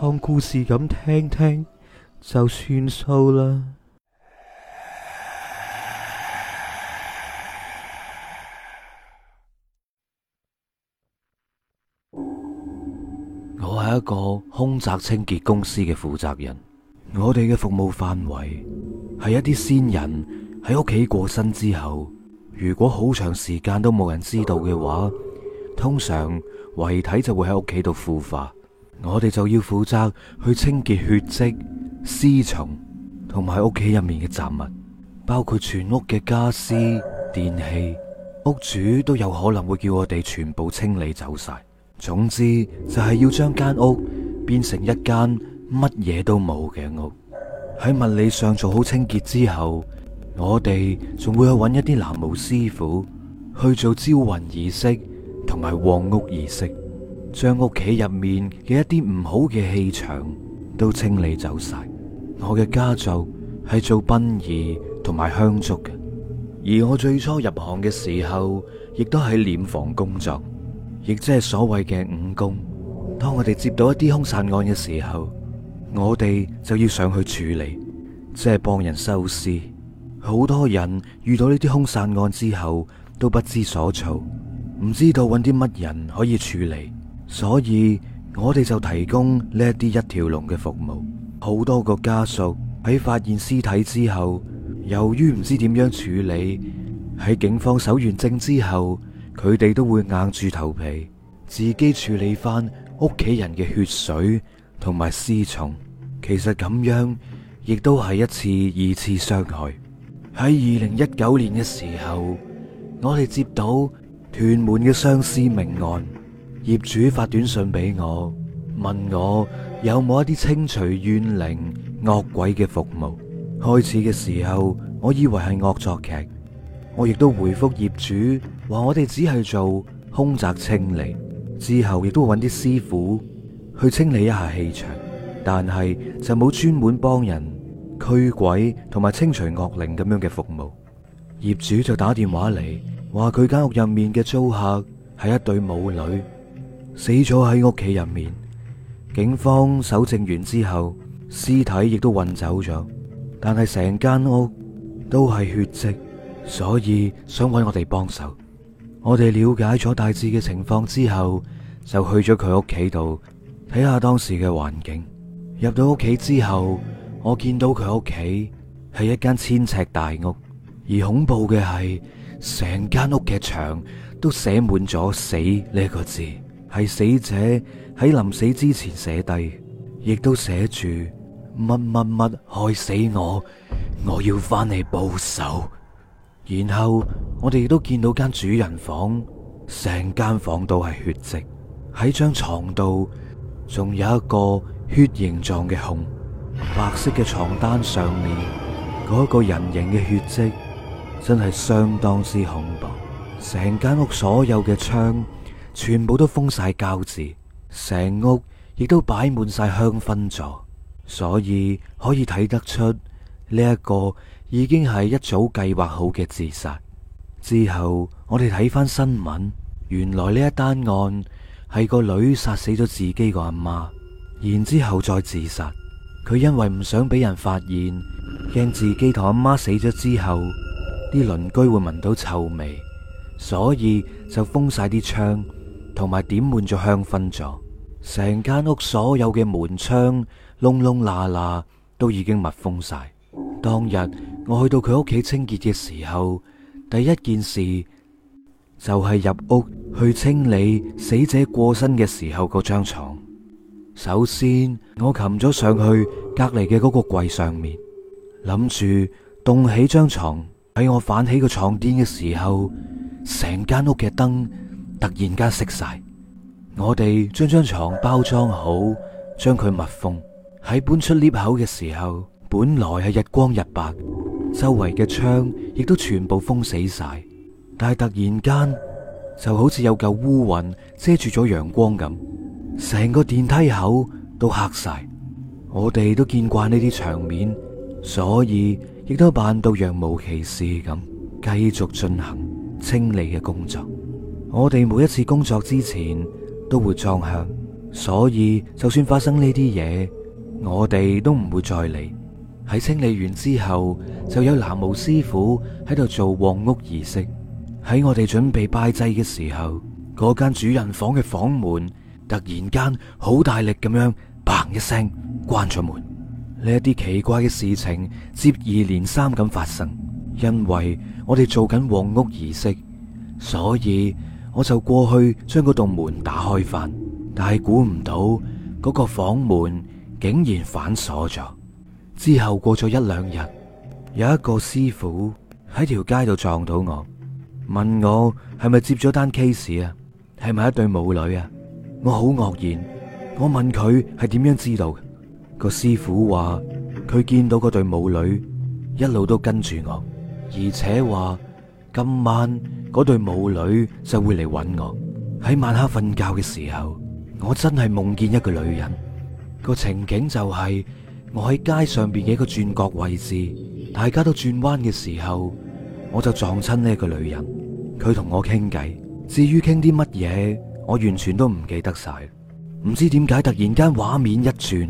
當故事咁聽聽就算數啦。我係一個凶宅清潔公司嘅負責人，我哋嘅服務範圍係一啲先人喺屋企過身之後，如果好長時間都冇人知道嘅話，通常遺體就會喺屋企度腐化。我哋就要負責去清潔血跡、屍蟲同埋屋企入面嘅雜物，包括全屋嘅家私、電器。屋主都有可能會叫我哋全部清理走晒。總之就係要將間屋變成一間乜嘢都冇嘅屋。喺物理上做好清潔之後，我哋仲會去揾一啲喃嘸師傅去做招魂儀式同埋旺屋儀式。將屋企入面嘅一啲唔好嘅氣場都清理走晒。我嘅家族係做殯儀同埋香燭嘅，而我最初入行嘅時候，亦都喺殮房工作，亦即係所謂嘅仵工。當我哋接到一啲兇殺案嘅時候，我哋就要上去處理，即係幫人收屍。好多人遇到呢啲兇殺案之後，都不知所措，唔知道搵啲乜人可以處理。所以我哋就提供呢啲一條龍嘅服務。好多個家屬喺發現屍體之後，由於唔知點樣處理，喺警方搜完證之後，佢哋都會硬住頭皮自己處理翻屋企人嘅血水同埋屍蟲，其實咁樣亦都係一次二次傷害。喺二零一九年嘅時候，我哋接到屯門嘅雙屍命案。業主發短信俾我，問我有冇一啲清除怨靈惡鬼嘅服務。開始嘅時候，我以為係惡作劇，我亦都回覆業主話我哋只係做空宅清理，之後亦都揾啲師傅去清理一下氣場，但係就冇專門幫人驅鬼同埋清除惡靈咁樣嘅服務。業主就打電話嚟，話佢間屋入面嘅租客係一對母女。死咗喺屋企入面，警方搜證完之後，屍體亦都運走咗。但係成間屋都係血迹，所以想揾我哋幫手。我哋了解咗大致嘅情況之後，就去咗佢屋企度睇下當時嘅環境。入到屋企之後，我見到佢屋企係一間千尺大屋，而恐怖嘅係成間屋嘅牆都寫滿咗“死”呢個字。係死者喺臨死之前寫低，亦都寫住乜乜乜害死我，我要翻嚟報仇。然後我哋都見到間主人房，成間房都係血迹，喺張床度仲有一個血形狀嘅紅，白色嘅床單上面嗰一個人形嘅血迹，真係相當之恐怖。成間屋所有嘅窗，全部都封晒膠紙，成屋亦都擺滿晒香薰座，所以可以睇得出呢一個已經係一早計劃好嘅自殺。之後我哋睇翻新聞，原來呢一單案係個女殺死咗自己個阿媽，然之後再自殺。佢因為唔想俾人發現，驚自己同阿媽死咗之後啲鄰居會聞到臭味，所以就封晒啲窗。同埋點滿咗香薰咗，成間屋所有嘅門窗窿窿罅罅都已經密封晒。當日我去到佢屋企清潔嘅時候，第一件事就係入屋去清理死者過身嘅時候嗰張床。首先我擒咗上去隔籬嘅嗰個櫃上面，諗住動起張床。喺我反起個床墊嘅時候，成間屋嘅燈。突然間熄晒，我哋將張床包裝好，將佢密封。喺搬出 lift 口嘅時候，本來係日光日白，周圍嘅窗亦都全部封死晒。但係突然間就好似有嚿烏雲遮住咗陽光咁，成個電梯口都黑晒。我哋都見慣呢啲場面，所以亦都扮到若無其事咁繼續進行清理嘅工作。我哋每一次工作之前都會裝香，所以就算發生呢啲嘢，我哋都唔會再嚟。喺清理完之後，就有南無師傅喺度做旺屋儀式。喺我哋準備拜祭嘅時候，嗰間主人房嘅房門突然間好大力咁樣，嘭一聲關咗門。呢一啲奇怪嘅事情接二連三咁發生，因為我哋做緊旺屋儀式，所以。我就過去將嗰棟門打開翻，但係估唔到嗰個房門竟然反鎖咗。之後過咗一兩日，有一個師傅喺條街度撞到我，問我係咪接咗單 case 啊？係咪一對母女啊？我好愕然，我問佢係點樣知道。個師傅話佢見到嗰對母女一路都跟住我，而且話。今晚嗰對母女就會嚟揾我。喺晚黑瞓覺嘅時候，我真係夢見一個女人。個情景就係我喺街上邊嘅一個轉角位置，大家都轉彎嘅時候，我就撞親呢個女人。佢同我傾偈，至於傾啲乜嘢，我完全都唔記得晒。唔知點解突然間畫面一轉，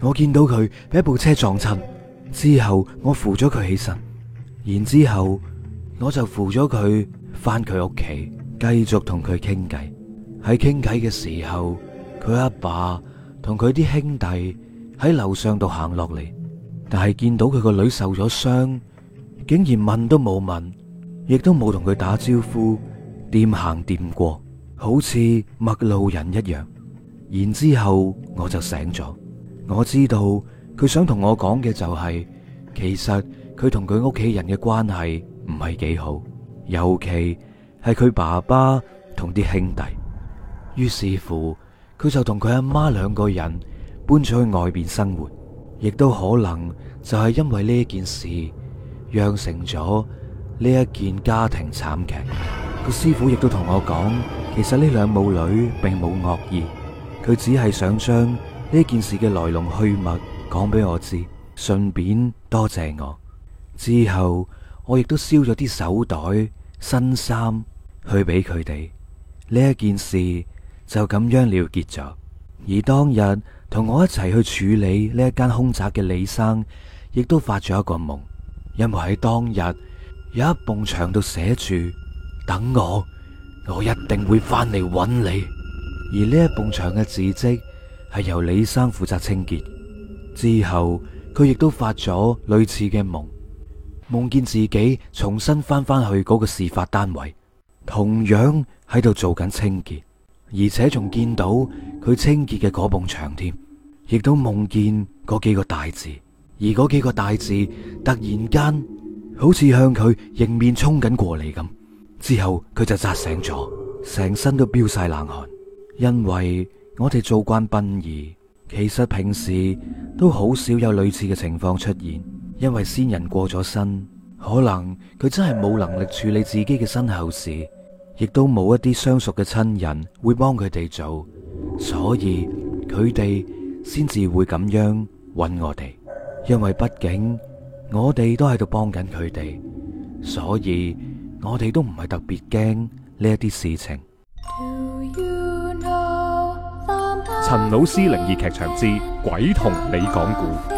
我見到佢俾一部車撞親之後，我扶咗佢起身，然之後。我就扶咗佢返佢屋企，繼續同佢傾偈。喺傾偈嘅時候，佢阿爸同佢啲兄弟喺樓上度行落嚟，但係見到佢個女受咗傷，竟然問都冇問，亦都冇同佢打招呼，掂行掂過，好似陌路人一樣。然之後我就醒咗，我知道佢想同我講嘅就係、是，其實佢同佢屋企人嘅關係。唔係幾好，尤其係佢爸爸同啲兄弟。於是乎，佢就同佢阿媽兩個人搬咗去外邊生活，亦都可能就係因為呢件事釀成咗呢一件家庭慘劇。個師傅亦都同我講，其實呢兩母女並冇惡意，佢只係想將呢件事嘅來龍去脈講俾我知，順便多謝我。之後。我亦都燒咗啲手袋、新衫去俾佢哋，呢一件事就咁樣了結咗。而當日同我一齊去處理呢一間凶宅嘅李生，亦都發咗一個夢，因為喺當日有一埲牆度寫住等我，我一定會翻嚟揾你。而呢一埲牆嘅字跡係由李生負責清潔，之後佢亦都發咗類似嘅夢。夢見自己重新返返去嗰個事發單位，同樣喺度做緊清潔，而且仲見到佢清潔嘅嗰埲牆添，亦都夢見嗰幾個大字，而嗰幾個大字突然間好似向佢迎面衝緊過嚟咁。之後佢就扎醒咗，成身都飆晒冷汗，因為我哋做慣殯儀，其實平時都好少有類似嘅情況出現。因為先人過咗身，可能佢真係冇能力處理自己嘅身後事，亦都冇一啲相熟嘅親人會幫佢哋做，所以佢哋先至會咁樣揾我哋。因為畢竟我哋都喺度幫緊佢哋，所以我哋都唔係特別驚呢一啲事情。You know 陳老師靈異劇場之鬼同你講古。